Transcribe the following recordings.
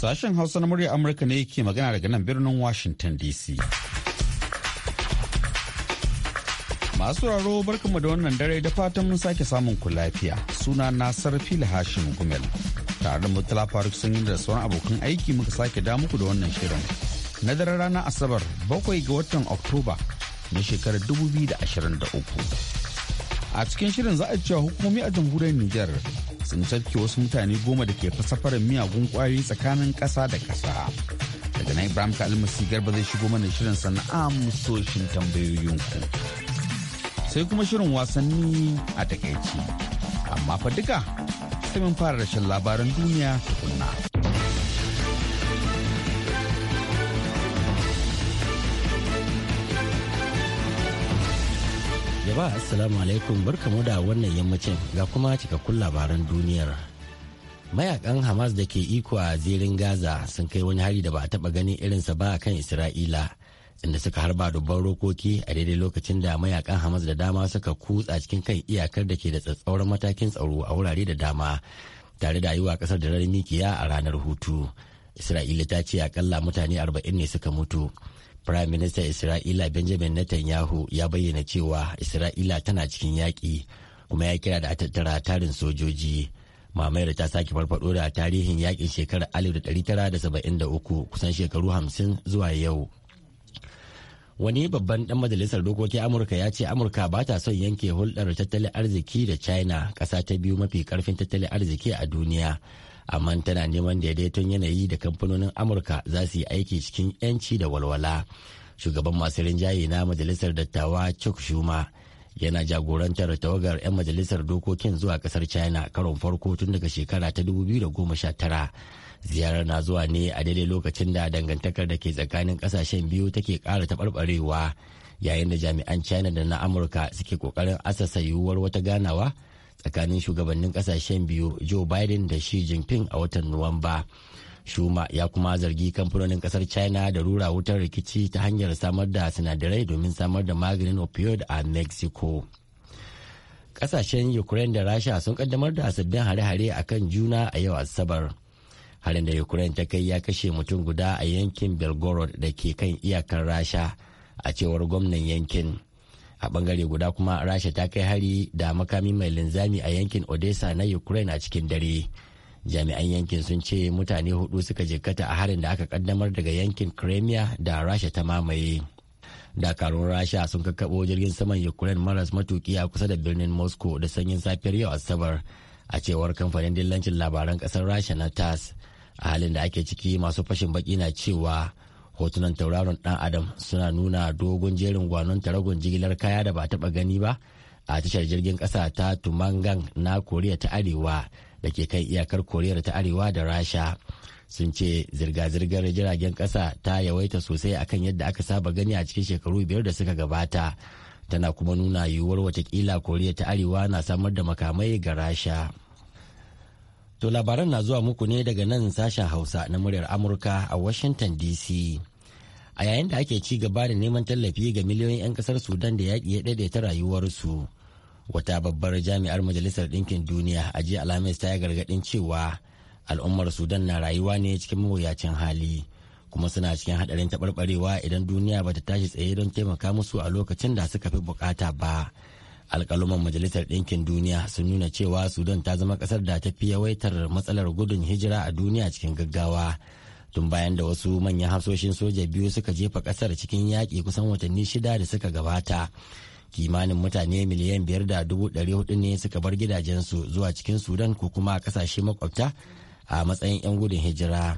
Sashen Hausa na murya Amurka ne ke magana daga nan birnin Washington DC. Masu raro barkanmu da wannan dare da fatan mun sake samun ku lafiya. Suna na Sarfila Hashim Gumel. Tare da Murtala Faruk sun yi da sauran abokan aiki muka sake da muku da wannan shirin. Na daren ranar Asabar bakwai ga watan Oktoba na shekarar 2023. a cikin shirin za a cewa hukumomi a jamhuriyar niger sun cafke wasu mutane goma da ke fasafarin miyagun kwayoyi tsakanin ƙasa da ƙasa daga na ibrahim kalmasi garba zai shigo mana shirin sana'a musoshin ku. sai kuma shirin wasanni a takaici amma fa duka sai mun fara rashin labaran duniya tukunna. jama'a assalamu alaikum barkamu da wannan yammacin ga kuma cikakkun labaran duniyar mayakan hamas da ke iko a zirin gaza sun kai wani hari da ba a taba ganin irinsa ba a kan isra'ila inda suka harba dubban rokoki a daidai lokacin da mayakan hamas da dama suka kutsa cikin kan iyakar da ke da tsatsauran matakin tsaro a wurare da dama tare da yiwa kasar da mikiya a ranar hutu isra'ila ta ce akalla mutane arba'in ne suka mutu Prime Minister Isra'ila Benjamin Netanyahu ya bayyana cewa Isra'ila tana cikin yaƙi kuma ya kira da tattara tarin sojoji. Mamayar ta sake farfaɗo da tarihin yaƙin shekarar 1973 kusan shekaru 50 zuwa yau. Wani babban ɗan majalisar dokokin Amurka ya ce Amurka ba ta son yanke hulɗar tattalin arziki da China ƙasa ta biyu mafi ƙarfin tattalin arziki a duniya. amma tana neman daidaiton yanayi da kamfanonin amurka za su yi aiki cikin 'yanci da walwala shugaban masu rinjaye na majalisar dattawa chuck shuma yana jagorantar tawagar 'yan majalisar dokokin zuwa kasar china karon farko tun daga shekara ta 2019 ziyarar na zuwa ne a daidai lokacin da dangantakar da ke tsakanin kasashen biyu take kara taɓarɓarewa yayin da jami'an china da na amurka suke ƙoƙarin asasa yiwuwar wata ganawa tsakanin shugabannin kasashen biyu joe biden da shi jinping a watan nuwamba shuma ya kuma zargi kamfanonin kasar china da rura wutar rikici ta hanyar samar da sinadarai domin samar da maganin opioid a mexico kasashen ukraine da rasha sun kaddamar da sabbin hare-hare a kan juna a yau asabar harin da ukraine ta kai ya kashe mutum guda a yankin belgorod da ke kan iyakar rasha a cewar gwamnan yankin a bangare guda kuma rasha ta kai hari da makami mai linzami a yankin odessa na ukraine a cikin dare jami'an yankin sun ce mutane hudu suka jikkata a harin da aka kaddamar daga yankin crimea da rasha ta mamaye dakarun rasha sun kakkabo jirgin saman ukraine maras matuki a kusa da birnin moscow da sanyin safiyar yau asabar a cewar kamfanin dillancin labaran kasar rasha na tas a halin da ake ciki masu fashin baki na cewa hotunan tauraron dan adam suna nuna dogon jerin gwanon taragon jigilar kaya da ba taba gani ba a tashar jirgin kasa ta tumangang na koriya ta arewa da ke kan iyakar koriya ta arewa da rasha sun ce zirga-zirgar jiragen kasa ta yawaita sosai akan yadda aka saba gani a cikin shekaru biyar da suka gabata tana kuma nuna yiwuwar watakila koriya ta arewa na samar da makamai ga rasha To labaran na zuwa muku ne daga nan sashen Hausa na muryar Amurka a Washington DC. A yayin da ake ci gaba da neman tallafi ga miliyoyin 'yan kasar Sudan da yaƙi ya daidaita rayuwarsu. Wata babbar jami'ar Majalisar Ɗinkin Duniya a jiya Alhamis ta yi gargaɗin cewa al'ummar Sudan na rayuwa ne cikin mawuyacin hali kuma suna cikin haɗarin taɓarɓarewa idan duniya bata tashi tsaye don taimaka musu a lokacin da suka fi buƙata ba. alkaluman majalisar ɗinkin duniya sun nuna cewa sudan ta zama ƙasar da ta fi yawaitar matsalar gudun hijira a duniya cikin gaggawa tun bayan da wasu manyan hafsoshin soja biyu suka jefa ƙasar cikin yaƙi kusan watanni shida da suka gabata kimanin mutane miliyan biyar da dubu ɗari hudu ne suka bar gidajensu zuwa cikin sudan ko kuma ƙasashe makwabta a matsayin 'yan gudun hijira.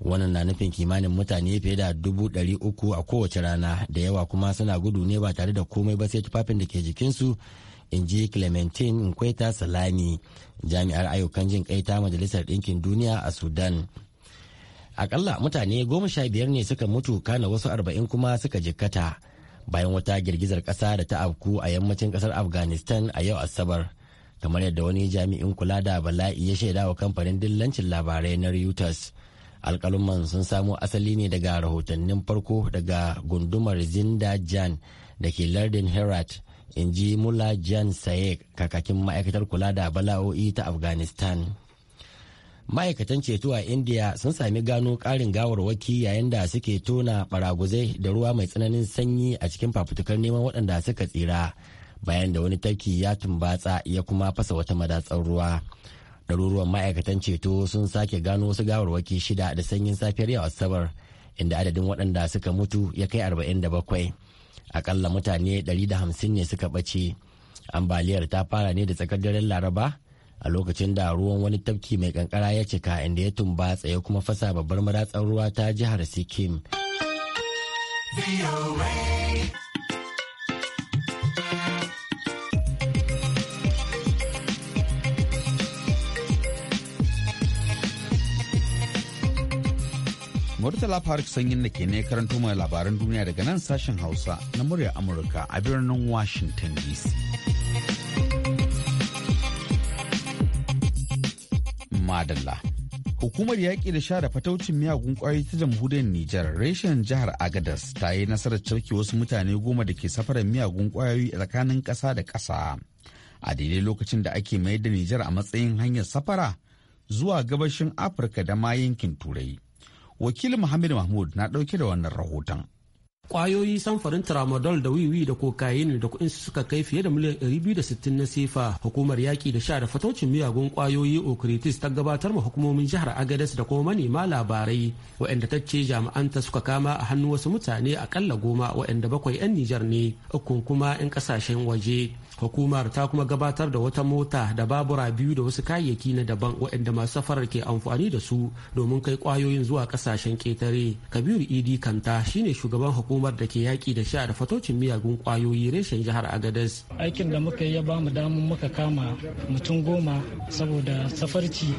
wannan na nufin kimanin mutane fiye da dubu ɗari uku a kowace rana da yawa kuma suna gudu ne ba tare da komai ba sai tufafin da ke jikinsu in ji clementine nkweta salami jami'ar ayyukan jin kai ta majalisar ɗinkin duniya a sudan akalla mutane goma sha biyar ne suka mutu kana wasu arba'in kuma suka jikkata bayan wata girgizar ƙasa da ta afku a yammacin ƙasar afghanistan a yau asabar kamar yadda wani jami'in kula da bala'i ya shaidawa kamfanin dillancin labarai na reuters alkalumman sun samo asali ne daga rahotannin farko daga gundumar zinda jan da ke lardin herat in ji mula jan sayek kakakin ma'aikatar kula da bala'o'i ta afghanistan ma'aikatan ceto a india sun sami gano karin gawarwaki yayin da suke tona baraguzai da ruwa mai tsananin sanyi a cikin fafutukar neman waɗanda suka tsira bayan da wani tarki ya tumbatsa ya kuma fasa wata madatsar ruwa ɗaruruwan ma'aikatan ceto sun sake gano wasu gawarwaki shida da sanyin safiyar yau asabar inda adadin waɗanda suka mutu ya kai 47 akalla mutane 150 ne suka ɓace ambaliyar ta fara ne da tsakar daren laraba a lokacin da ruwan wani tafki mai kankara ya cika inda ya tumba tsaye kuma fasa babbar madatsar ruwa ta jihar sikkim Murtala Faruk Sanyin da ke ne karanto mai labaran duniya daga nan sashen Hausa na muryar Amurka a birnin Washington DC. Madalla. Hukumar yaƙi da sha da fataucin miyagun ƙwayoyi ta jamhuriyar Nijar reshen jihar Agadas ta yi nasarar cauki wasu mutane goma da ke safarar miyagun ƙwayoyi a tsakanin ƙasa da ƙasa. A daidai lokacin da ake mayar da Nijar a matsayin hanyar safara zuwa gabashin Afirka da ma yankin Turai. wakilin muhammad mahmud na ɗauke da wannan rahoton kwayoyi samfarin tramadol da wiwi da kokain da kuɗin suka kai fiye da miliyan 260 na sefa hukumar yaƙi da sha da fatocin miyagun kwayoyi okritis ta gabatar ma hukumomin jihar agadez da kuma manema labarai waɗanda ta ce jami'an ta suka kama a hannu wasu mutane akalla goma waɗanda bakwai 'yan nijar ne ukun kuma 'yan ƙasashen waje hukumar ta kuma gabatar da wata mota da babura biyu da wasu kayayyaki na daban waɗanda masu safarar ke amfani da su domin kai kwayoyin zuwa kasashen ketare kabiru idi kanta shine shugaban hukumar da ke yaƙi da sha da fatocin miyagun kwayoyi reshen jihar agadez aikin da muka yi ya bamu damar muka kama mutum goma saboda safarci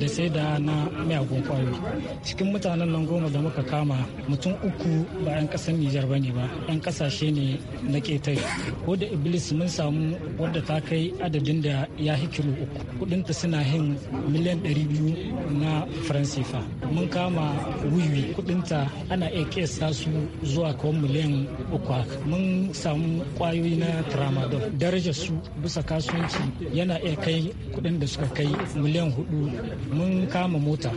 da sai da na miyagun kwayoyi cikin mutanen nan goma da muka kama mutum uku ba 'yan ƙasar nijar ba ne ba 'yan ƙasashe ne na ketare ko da iblis mun samu wadda ta kai adadin da ya hi kilo uku kudinta suna hin miliyan 200 na faransifa mun kama wiwi kudinta ana iya kesa su zuwa kawon miliyan uku mun samu kwayoyi na tramadol darajar su bisa kasuwanci yana iya kai kudin da suka kai miliyan hudu mun kama mota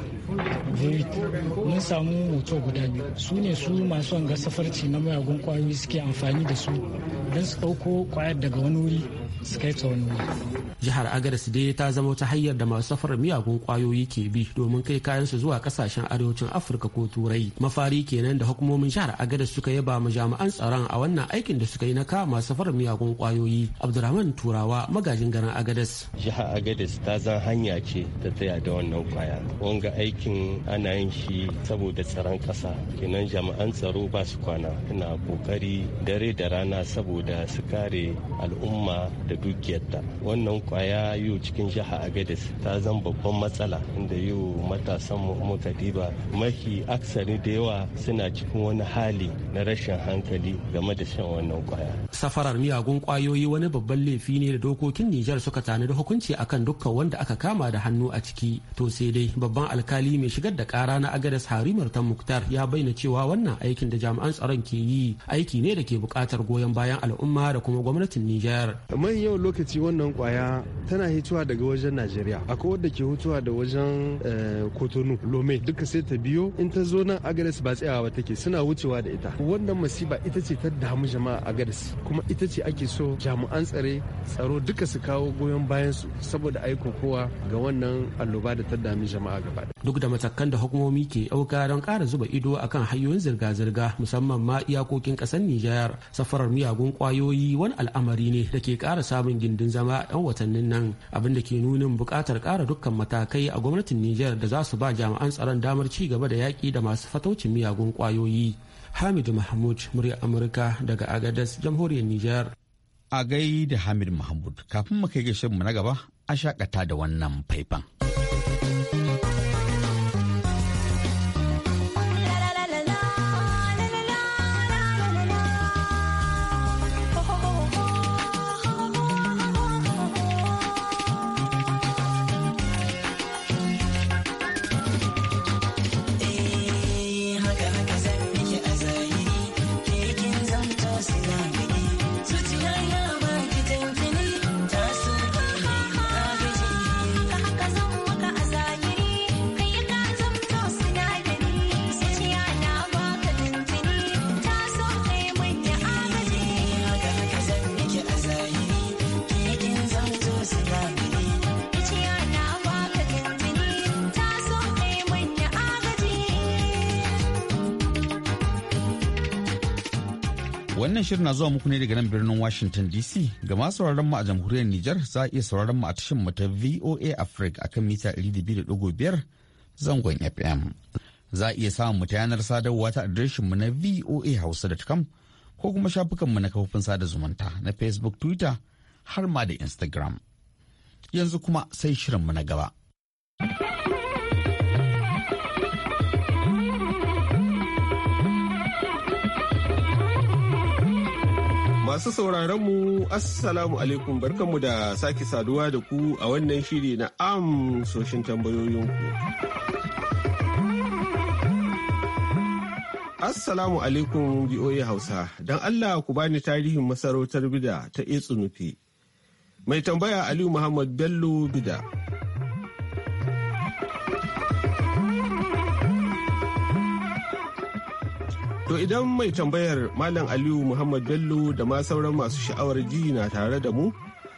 mun samu moto guda biyu su ne su masu wanga safarci na mayagun kwayoyi suke amfani da su don su ɗauko kwayar daga wani wuri Mm-hmm. Jihar Agadas dai ta zama wata hanyar da masu safarar miyagun kwayoyi ke bi domin kai kayansu zuwa kasashen arewacin Afirka ko Turai. Mafari kenan da hukumomin jihar Agadas suka yaba ma jami'an tsaron a wannan aikin da suka yi na kama masu safarar miyagun kwayoyi. Abdurrahman Turawa magajin garin Agadas. Jihar Agadez ta zan hanya ce ta taya da wannan kwaya. Wanga aikin ana yin shi saboda tsaron kasa. Kenan jami'an tsaro ba su kwana. Ina kokari dare da rana saboda su kare al'umma da dukiyarta wannan kwaya yiwu cikin jiha agadis ta zan babban matsala inda yiwu matasan muka diba mafi aksari da yawa suna cikin wani hali na rashin hankali game da shan wannan kwaya safarar miyagun kwayoyi wani babban laifi ne da dokokin nijar suka tanadi hukunci akan dukkan wanda aka kama da hannu a ciki to sai dai babban alkali mai shigar da kara na agadas harimar ta muktar ya bayyana cewa wannan aikin da jami'an tsaron ke yi aiki ne da ke bukatar goyon bayan al'umma da kuma gwamnatin nijar mai yau lokaci wannan kwaya tana hituwa daga wajen najeriya akwai wadda ke hutuwa da wajen kotonu eh, lome duka sai ta biyo in ta zo nan agares ba tsayawa ba take suna wucewa da ita wannan masiba ita ce ta damu jama'a agares kuma ita ce ake so jami'an tsare tsaro duka su kawo goyon bayan su saboda aiko kowa ga wannan alloba da ta dami jama'a gaba duk da matakan da hukumomi ke ɗauka don kara zuba ido akan hanyoyin zirga-zirga musamman ma iyakokin ƙasar Nijar safarar miyagun kwayoyi wani al'amari ne da ke ƙara samun gindin zama a 'yan watannin nan abin da ke nunin buƙatar ƙara dukkan matakai a gwamnatin Nijar da za su ba jami'an tsaron damar ci gaba da yaƙi da masu fataucin miyagun kwayoyi Hamid Mahmud, murya Amurka daga Agadez, jamhuriyar Nijar. A gai da Hamid Mahmud, kafin mu kai gashin mu na gaba, a shakata da wannan faifan. Wannan shirin na zuwa muku ne daga nan birnin Washington DC ga masu sauraron mu a jamhuriyar Nijar za a iya sauraron mu a tashin mu ta VOA Africa akan mita 200.5 zangon FM. Za a iya samun mu ta yanar sadarwa ta adireshin mu na voa voahausa.com ko kuma shafukan mu na kafofin sada zumunta na Facebook, Twitter har ma da Instagram. Yanzu kuma sai shirin mu na gaba. Masu sauraron mu Assalamu alaikum barkanmu da sake saduwa da ku a wannan shiri na amsoshin tambayoyinku. Assalamu alaikum BOA Hausa, don Allah ku bani tarihin masarautar bida ta Itsunufi. Mai tambaya Aliyu Muhammad Bello bida. To idan mai tambayar Malam Aliyu Muhammad Bello da ma sauran masu sha'awar ji na tare da mu,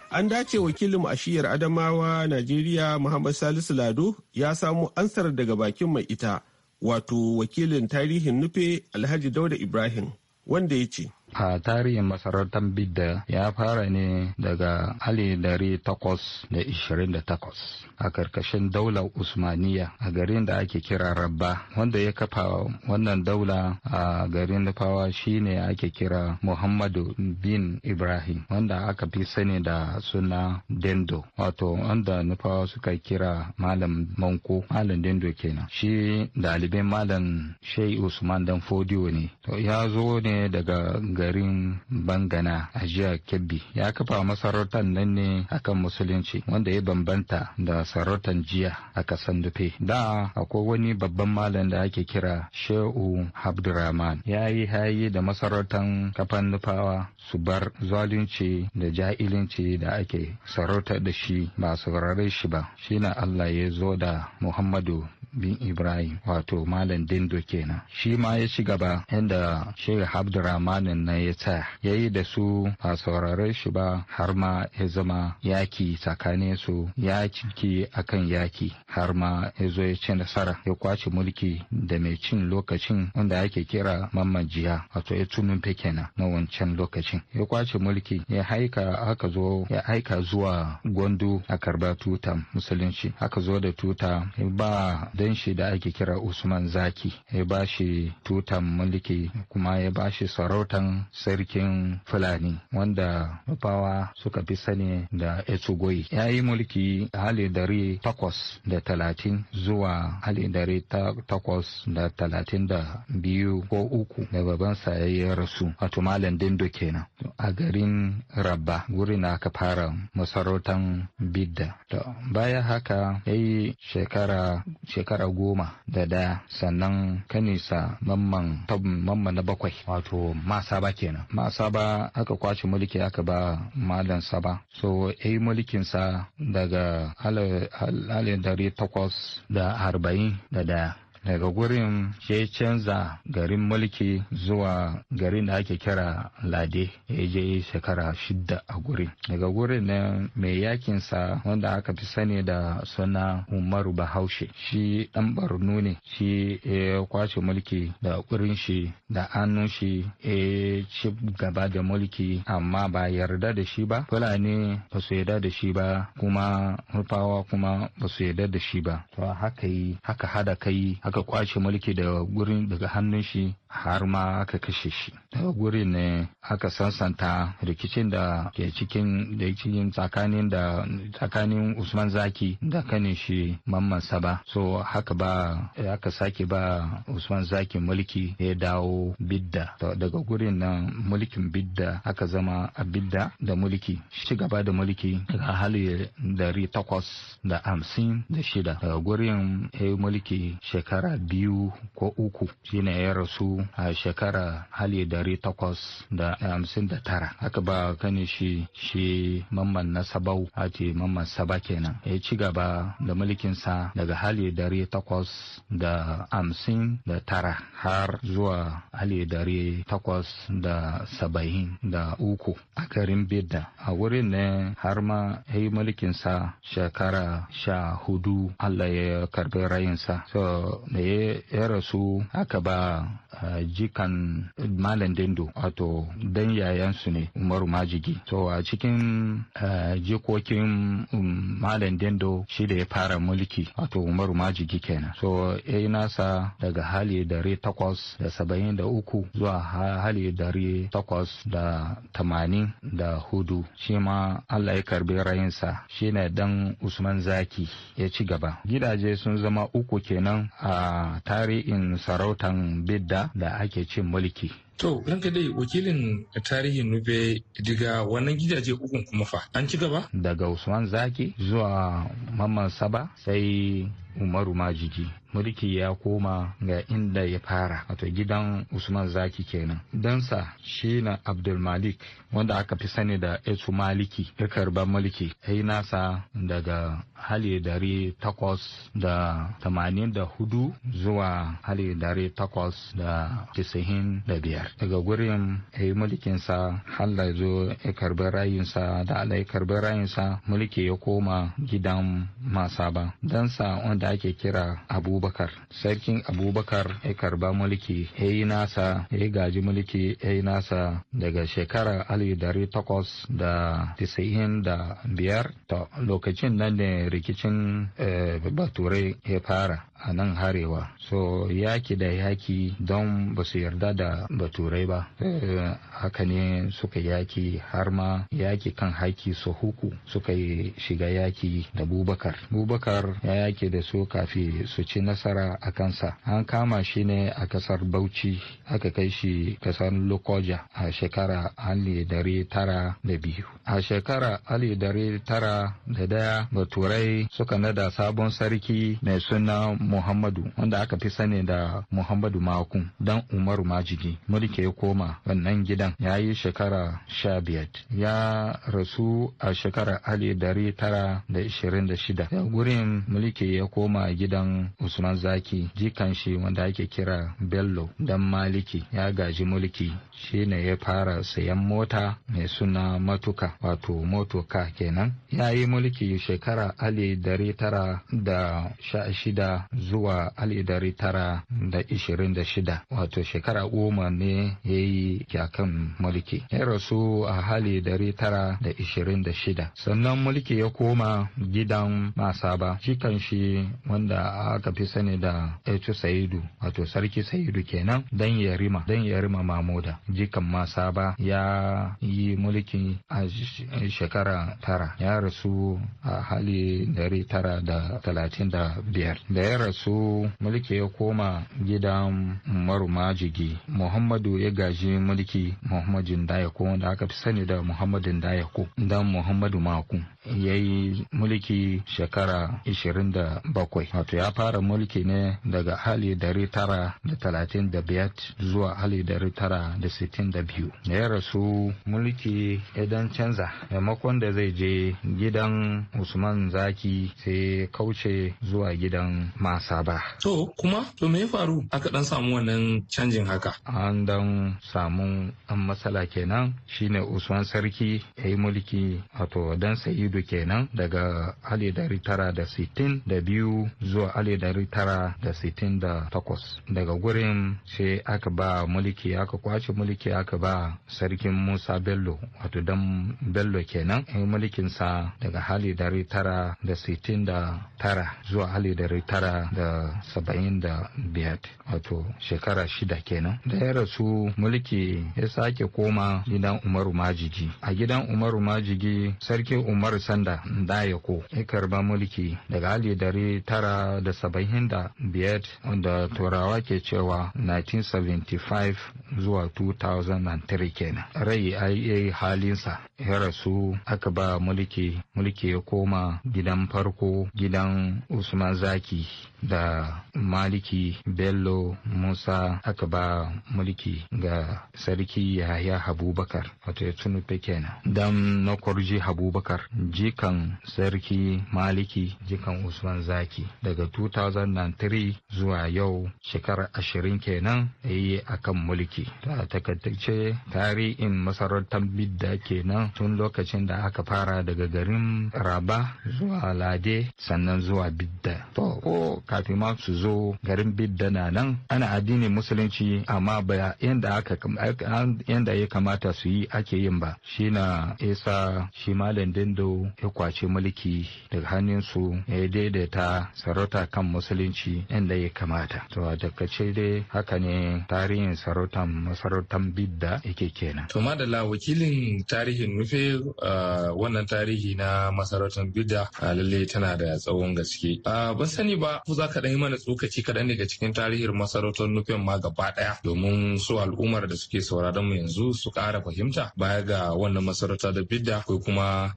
an dace wakilin ashiyar Adamawa Najeriya Muhammad Salisu Lado ya samu ansar daga bakin mai ita, wato wakilin tarihin nufe Alhaji Dauda Ibrahim, wanda ya ce. a tarihin masarautar bidda ya fara ne daga ali dari takwas da ishirin da takwas a karkashin daular usmaniya a garin da ake kira rabba wanda ya kafa wannan daula a garin nufawa shine ake kira muhammadu bin ibrahim wanda aka fi sani da suna dendo wato wanda nufawa suka kira malam manko malam dendo kenan shi ɗaliban malam shai usman dan fodiyo ne to ya zo ne daga garin Bangana a jihar Kebbi ya kafa masarautar nan ne akan musulunci wanda ya bambanta da sarautar jiya a kasan dufe. Da akwai wani babban malam da ake kira Shehu Abdurrahman ya yi hayi da masarautar kafan nufawa su bar zalunci da ja'ilinci da ake sarautar da shi ba su shi ba. Shi na Allah ya zo da Muhammadu bin Ibrahim wato Malam Dindo kenan. Shi ma ya ci gaba inda Sheikh Abdurrahmanin na ya tsaya ya yi da su a saurare shi ba har ma ya zama yaki tsakanin su ya ciki akan yaki har ma ya zo ya ci nasara ya kwace mulki da mai cin lokacin wanda ake kira mamman jiya wato ya tunun kenan na wancan lokacin ya kwace mulki ya haika aka zo ya aika zuwa gwandu a karba tuta musulunci aka zo da tuta ba dan shi da ake kira Usman Zaki ya ba shi tutan mulki kuma ya ba shi sarautan sarkin Fulani wanda Nufawa suka fi sani da Etugoi. Ya yi mulki hali dare takwas da talatin zuwa hali dare takwas da talatin da biyu ko uku da babansa ya yi rasu a tumalin Dindo kenan. A garin Rabba guri na aka fara masarautan Bidda. Baya haka ya yi shekara shekara goma da daya sannan kanisa mamman tabin mamman na bakwai wato masaba kenan ba aka kwace mulki aka ba malam ba so ya yi mulkinsa daga alif dari takwas da arba'in da daya daga gurin ya canza garin mulki zuwa garin da ake kira lade ya je shekara shidda a gurin daga gurin nan mai yakinsa wanda aka fi sani da suna umaru bahaushe shi dan barno ne shi ya kwace mulki da gurin shi da hannun shi ya ci gaba da mulki amma ba yarda da shi ba fulani ba su yarda da shi ba kuma rufawa kuma ba su yarda da shi ba to haka yi haka hada kai aka kwace mulki daga gurin daga hannun shi har ma aka kashe shi daga guri ne aka sansanta rikicin da ke cikin da cikin tsakanin da tsakanin usman zaki da kanin shi mamman saba so haka ba aka sake ba usman zaki mulki ya dawo bidda daga gurin nan mulkin bidda aka zama a bidda da mulki Shi gaba da mulki ga hali dari takwas da hamsin da shida daga gurin ya mulki shekara biyu ko uku shine ya rasu a shekara hali dari takwas da hamsin da tara aka ba kani shi shi mamman na sabau a ce mamman saba kenan ya ci gaba da mulkinsa daga hali dari takwas da hamsin da tara har zuwa hali dari takwas da saba'in da uku a garin bidda a wurin ne har ma ya yi mulkinsa shekara sha hudu allah ya karbi rayinsa so da ya rasu aka ba eh, jikan malam dindo wato dan yayansu ne umaru majigi so a cikin eh, jikokin um, malam dindo shi da ya fara mulki wato umaru majigi kenan so ya yi nasa daga hali dari takwas da saba'in da uku zuwa hali dari takwas da tamanin da hudu shi ma allah ya karbi rayinsa shi ne dan usman zaki ya ci gaba gidaje sun zama uku kenan a tarihin sarautan bidda da ake cin mulki To, ranka dai wakilin tarihin Nube diga wannan gidaje ukun kuma fa an ci gaba? Daga Usman Zaki zuwa Mamman Saba sai Umaru Majigi. Mulki ya koma ga inda ya fara, wato gidan Usman Zaki kenan. Dansa shi na Abdul wanda aka fi sani da Esu Maliki ya mulki sai nasa daga hali dare takwas da tamanin da hudu zuwa hali dare takwas da tisa'in da biyar. daga gurin eh, ya yi mulkinsa halla zo ya karbi rayunsa da ala ya karbi rayunsa mulki ya koma gidan masa ba masaba sa wanda ake kira abubakar sarkin abubakar ya karba mulki ya yi nasa ya yi gaji mulki ya yi nasa daga shekara alif takwas da tisa'in da biyar lokacin nan ne rikicin eh, baturai ya fara a nan harewa so yaki da yaki don ba su yarda da baturai ba eh, haka ne suka yaki har ma yaki kan haki su huku suka yi shiga yaki da bubakar bubakar ya yaki da su kafi su ci nasara a kansa an kama shi ne a kasar bauchi aka kai shi kasar lokoja a shekara ali dare tara da biyu a shekara ali dare tara da daya baturai suka nada sabon sarki mai suna muhammadu wanda aka fi sani da muhammadu maku dan umaru majigi mulki ya koma wannan gidan yayi shekara sha biyar ya rasu a shekara ali dari tara da ishirin da shida ya gurin mulki ya koma gidan usman zaki jikan shi wanda ake kira bello dan maliki ya gaji mulki shine ya fara sayan mota mai suna matuka wato motoka kenan yayi mulki shekara ali dari tara da sha shida zuwa alidari tara da ishirin da shida wato shekara goma ne ya yi yakan mulki ya rasu a hali dari tara da ishirin da shida sannan mulki ya koma gidan masaba shi kan shi wanda aka fi sani da etu saidu wato sarki saidu kenan dan yarima dan yarima mamuda jikan masaba ya yi mulki a shekara tara ya rasu a hali dari tara da talatin da biyar da ya su mulki ya koma gidan marumajigi muhammadu ya gaji mulki muhammadin dayako wanda aka fi sani da muhammadin dayako dan muhammadu maku ya yi mulki shekara 27 wato ya fara mulki ne daga hali biyat zuwa hali biyu. da ya rasu mulki idan canza maimakon da zai je gidan usman zaki sai kauce zuwa gidan ma a saba. To kuma to me ya faru aka dan samu wannan canjin haka? An dan samu an matsala kenan shine Usman Sarki ya yi mulki wato dan sayidu kenan daga ali dari tara da sittin da biyu zuwa ali dari tara da sittin da takwas. Daga gurin sai aka ba mulki aka kwace mulki aka ba sarkin Musa Bello wato dan Bello kenan ya yi mulkinsa daga hali dari tara da sittin da tara zuwa hali dari tara da saba'in da biyar wato shekara shida kenan da ya rasu mulki ya sake koma gidan umaru majigi a gidan umaru majigi sarki umaru sanda dayako ya karba mulki daga hali dari tara da saba'in da biyar da turawa ke cewa 1975 zuwa 2003 kenan rai a yi halinsa ya rasu aka ba mulki mulki ya koma gidan farko gidan usman zaki da maliki bello musa aka ba mulki ga sarki yahaya habubakar wato ya tunufe kenan dan na kwarji habubakar jikan sarki maliki jikan usman zaki daga 2003 zuwa yau shekarar ashirin kenan ya yi a kan mulki ta takaitace tarihin masarautar bidda kenan tun lokacin da aka fara daga garin raba zuwa lade sannan zuwa bidda kafin ma su zo garin bidda na nan ana addinin musulunci amma ba yanda aka yanda ya kamata su yi ake yin ba shi na isa shi malam dindo ya kwace mulki daga hannunsu ya daidaita sarauta kan musulunci yanda ya kamata to a ce dai haka ne tarihin sarautan masarautan bidda yake kenan to madalla wakilin tarihin nufe wannan tarihi na masarautan bidda lalle tana da tsawon gaske ban sani ba za ka mana tsokaci kaɗan daga cikin tarihin masarautar nufin ma gaba ɗaya domin su al'ummar da suke sauraron mu yanzu su ƙara fahimta baya ga wannan masarauta da bidda ko kuma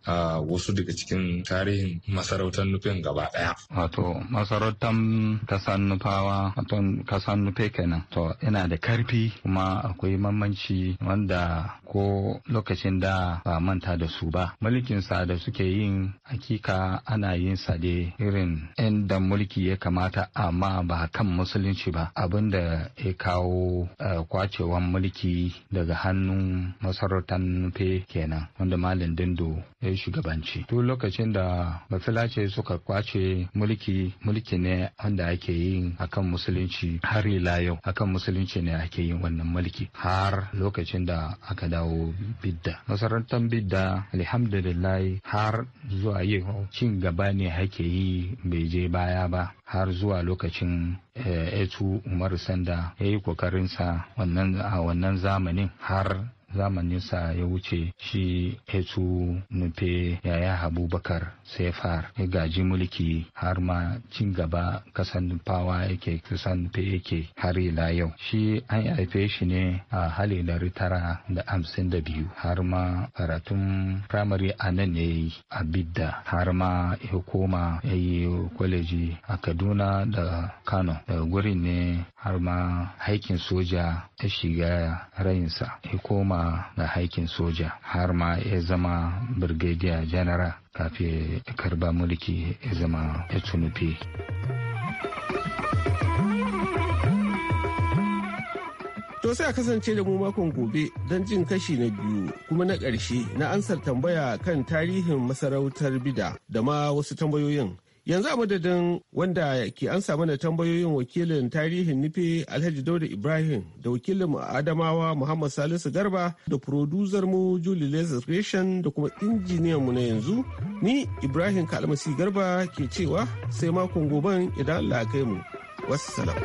wasu daga cikin tarihin masarautar nufin gaba ɗaya. Wato masarautar kasan nufawa wato kasan nufe kenan to Ina da karfi kuma akwai mamanci wanda ko lokacin da ba manta da su ba mulkin sa da suke yin hakika ana yin sa da irin da mulki ya kama kamata amma ba kan musulunci ba abin da ya kawo eh, kwacewan mulki daga hannun masarautar nufe kenan wanda malin dindo ya shugabanci duk lokacin da masalace suka kwace mulki mulki ne wanda ake yin akan musulunci har ila yau akan musulunci ne ake yin wannan mulki har lokacin da aka dawo bidda masarautar bidda alhamdulillah har zuwa yau cin gaba ne ake yi bai je baya ba har zuwa lokacin eh, etu umaru sanda ya yi kokarinsa a wannan zamanin har zamaninsa ya wuce shi etu nufe yaya abubakar sefar ya gaji mulki har ma cin gaba kasan nufawa yake kasan nufe yake har ila yau shi an haife shi ne a hali dari tara da hamsin da biyu har ma karatun firamare a nan ya yi a bidda har ma ya koma ya yi kwaleji a kaduna da kano daga gurin ne har ma haikin soja ya shiga rayinsa ya koma koma da haikin soja har ma ya zama birgadiya Janaral kafin karba mulki ya zama tunufi. To sai a kasance da mu makon gobe don jin kashi na biyu kuma na ƙarshe na ansar tambaya kan tarihin masarautar bida da ma wasu tambayoyin yanzu a madadin wanda ke an samu da tambayoyin wakilin tarihin nufe alhaji dauda ibrahim da wakilin adamawa muhammad salisu garba da producer mu julie laser creation da kuma injiniyan mu na yanzu ni ibrahim kalmasi garba ke cewa sai makon goben idan allah kai mu wassalam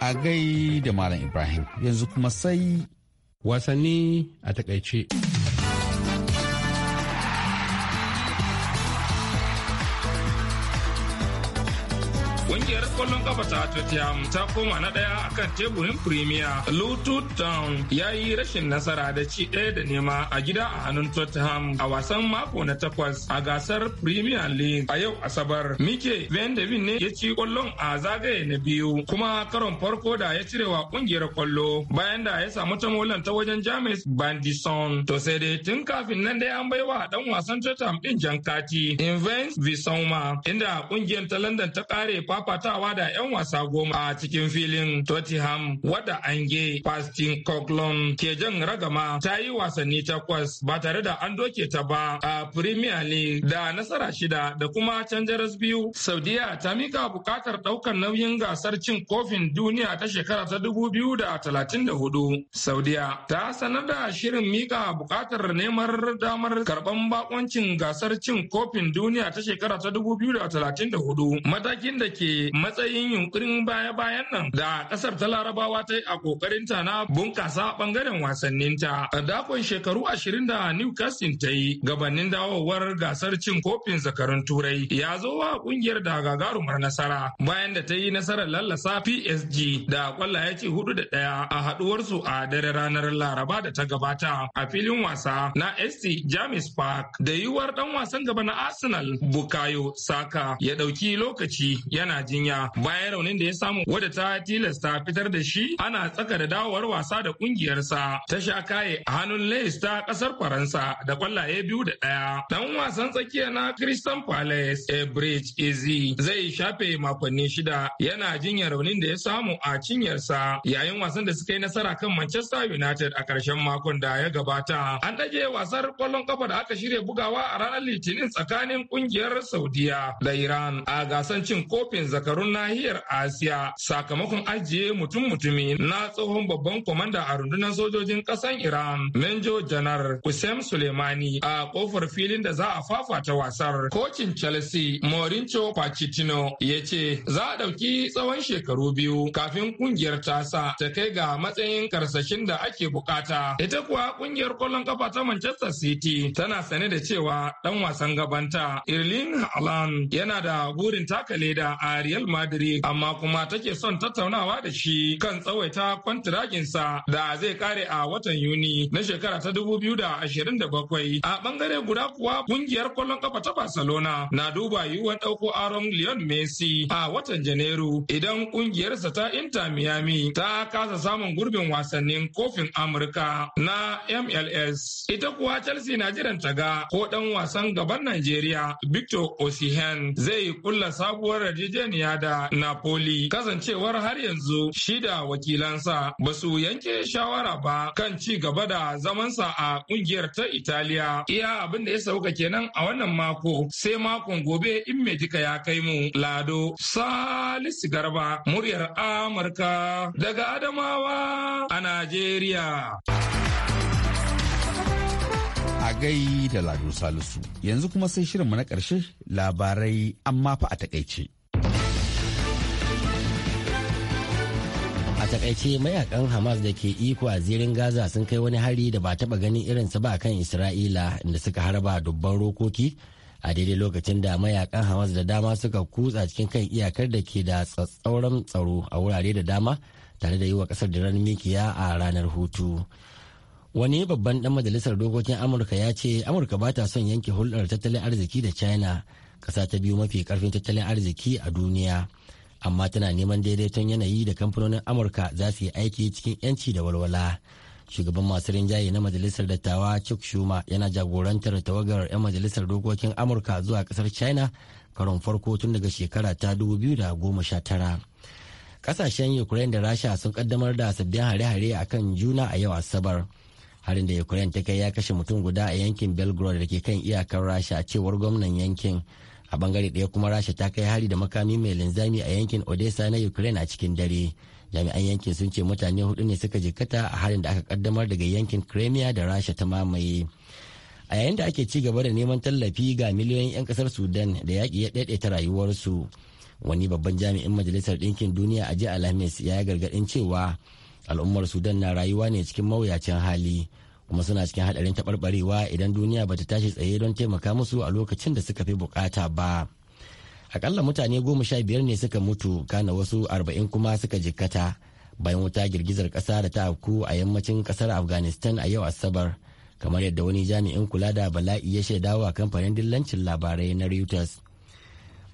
a gai da malam ibrahim yanzu kuma sai wasanni a takaice kwallon kafa ta Tottenham ta koma na daya akan teburin Premier. Luton Town ya yi rashin nasara da ci ɗaya da nema a gida a hannun Tottenham a wasan mako na takwas a gasar Premier League a yau Asabar. Mike Van ne ya ci kwallon a zagaye na biyu kuma karon farko da ya cirewa kungiyar kwallo bayan da ya samu tamolan ta wajen James Bandison. To sai dai tun kafin nan dai an baiwa dan wasan Tottenham din kati Invence Visoma inda kungiyar ta London ta kare fafatawa da da 'yan wasa goma a cikin filin Tottenham wadda Ange Fastin Coughlin ke jan ragama ta yi wasanni takwas ba tare da an doke ta ba a Premier League da nasara shida da kuma canjaras biyu. Saudiya ta mika bukatar ɗaukar nauyin gasar cin kofin duniya ta shekara ta da hudu. Saudiya ta sanar da shirin mika bukatar neman damar karɓan bakoncin gasar cin kofin duniya ta shekara ta hudu. matakin da ke matsayi matsayin yunkurin baya-bayan nan da kasar ta larabawa ta yi a kokarin ta na bunkasa bangaren wasannin ta a dakon shekaru ashirin da newcastle ta yi gabanin dawowar gasar cin kofin zakarun turai ya zo wa kungiyar da gagarumar nasara bayan da ta yi nasarar lallasa psg da kwallaye ce hudu da daya a haduwarsu a dare ranar laraba da ta gabata a filin wasa na St. james park da yiwuwar dan wasan gaba na arsenal bukayo saka ya dauki lokaci yana jinya bayan raunin da ya samu wadda ta tilasta fitar da shi ana tsaka da dawowar wasa da kungiyarsa ta sha kaye a hannun Leis ta kasar Faransa da kwallaye biyu da ɗaya. Dan wasan tsakiya na Christian Palace bridge easy zai shafe makonni shida yana jinya raunin da ya samu a cinyarsa yayin wasan da suka yi nasara kan Manchester United a ƙarshen makon da ya gabata. An ɗage wasar kwallon kafa da aka shirya bugawa a ranar Litinin tsakanin kungiyar Saudiya da Iran a gasan cin kofin zakarun na nahiyar Asiya sakamakon ajiye mutum-mutumi na tsohon babban kwamanda a rundunar sojojin ƙasar Iran, Menjo Janar Kusem Suleimani a kofar filin da za a fafata wasar. Kocin Chelsea Mourinho Pochettino ya ce za a ɗauki tsawon shekaru biyu kafin kungiyar tasa ta kai ga matsayin karsashin da ake bukata. Ita kuwa ƙungiyar kwallon kafa ta Manchester City tana sane da cewa ɗan wasan gabanta Erling Haaland yana da burin taka leda a Real Madrid kadiri amma kuma take son tattaunawa da shi kan tsawaita kwantiraginsa da zai kare a watan yuni na shekara ta dubu biyu da da ashirin bakwai. a bangare guda kuwa kungiyar kwallon kafa ta barcelona na duba yiwuwar dauko aron leon messi a watan janairu idan kungiyarsa ta inter miami ta kasa samun gurbin wasannin kofin amurka na mls ita kuwa chelsea na jiran ta ga ko dan wasan gaban najeriya victor osihen zai kulla sabuwar yarjejeniya da na Napoli kasancewar har yanzu shi da wakilansa ba su yanke shawara ba kan ci gaba da zamansa a kungiyar ta Italiya. Iya abin da ya sauka kenan a wannan mako sai makon gobe in mai jika ya kai mu Lado Salisu Garba muryar Amurka daga Adamawa a Najeriya. A gai da Lado Salisu yanzu kuma sai shirinmu na ƙarshe labarai amma fa a takaice. a takaice mayakan hamas da ke iko a zirin gaza sun kai wani hari da ba taba ganin irinsa ba kan isra'ila inda suka harba dubban rokoki a daidai lokacin da mayakan hamas da dama suka kutsa cikin kan iyakar da ke da tsatsauran tsaro a wurare da dama tare da yi wa kasar da mikiya a ranar hutu wani babban dan majalisar dokokin amurka ya ce amurka ba ta son yanke hulɗar tattalin arziki da china ƙasa ta biyu mafi karfin tattalin arziki a duniya amma tana neman daidaiton yanayi da kamfanonin amurka za su yi aiki cikin 'yanci da walwala shugaban masu rinjaye na majalisar dattawa chuck schumer yana jagorantar tawagar 'yan majalisar dokokin amurka zuwa kasar china karon farko tun daga shekara ta 2019 kasashen ukraine da rasha sun kaddamar da sabbin hare-hare akan juna a yau asabar harin da ukraine ta kai ya kashe mutum guda a yankin belgrade da ke kan iyakar rasha cewar gwamnan yankin a bangare ɗaya kuma rasha ta kai hari da makami mai linzami a yankin odessa na ukraine a cikin dare jami'an yankin sun ce mutane hudu ne suka kata a harin da aka kaddamar daga yankin crimea da rasha ta mamaye a yayin da ake ci gaba da neman tallafi ga miliyoyin 'yan kasar sudan da yaƙi ya ɗaiɗaita rayuwarsu wani babban jami'in majalisar ɗinkin duniya a jiya alhamis ya yi gargaɗin cewa al'ummar sudan na rayuwa ne cikin mawuyacin hali kuma suna cikin hadarin taɓarɓarewa idan duniya bata tashi tsaye don taimaka musu a lokacin da suka fi bukata ba akalla mutane goma sha biyar ne suka mutu kana wasu arba'in kuma suka jikkata bayan wuta girgizar ƙasa da ta afku a yammacin ƙasar afghanistan a yau asabar kamar yadda wani jami'in kula da bala'i ya shaidawa kamfanin dillancin labarai na reuters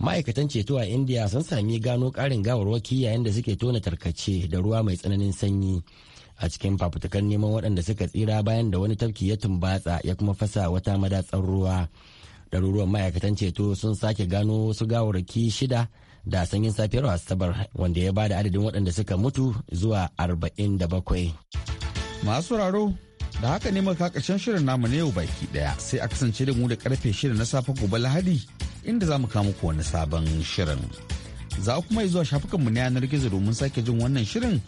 ma'aikatan ceto a india sun sami gano karin gawarwaki yayin da suke tona tarkace da ruwa mai tsananin sanyi a cikin fafutukar neman waɗanda suka tsira bayan da wani tafki ya tumbatsa ya kuma fasa wata madatsar ruwa ɗaruruwan ma'aikatan ceto sun sake gano su gawarraki shida da sanyin safiyar asabar wanda ya bada adadin waɗanda suka mutu zuwa arba'in da bakwai. masu raro da haka ne maka ƙarshen shirin namu na yau baki ɗaya. sai a kasance da mu da karfe shirin na safe gobe lahadi inda za mu kawo muku wani sabon shirin za kuma zuwa shafukanmu na yanar gizo domin sake jin wannan shirin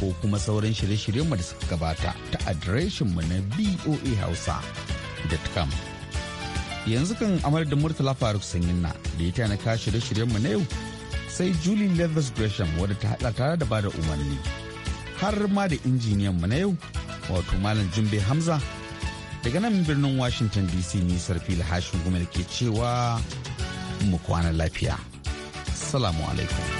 ko kuma sauran shirye-shiryenmu da suka gabata ta adireshinmu na voa hausa.com. Yanzu kan amar da Murtala Faruk Sanyin na da ya tana ka shirye-shiryenmu na yau sai Julie Leathers Gresham wadda ta haɗa tare da bada umarni. Har ma da injiniyanmu na yau wato Malam Jumbe Hamza daga nan birnin Washington DC nisar fili hashin gumel ke cewa mu kwana lafiya. Salamu alaikum.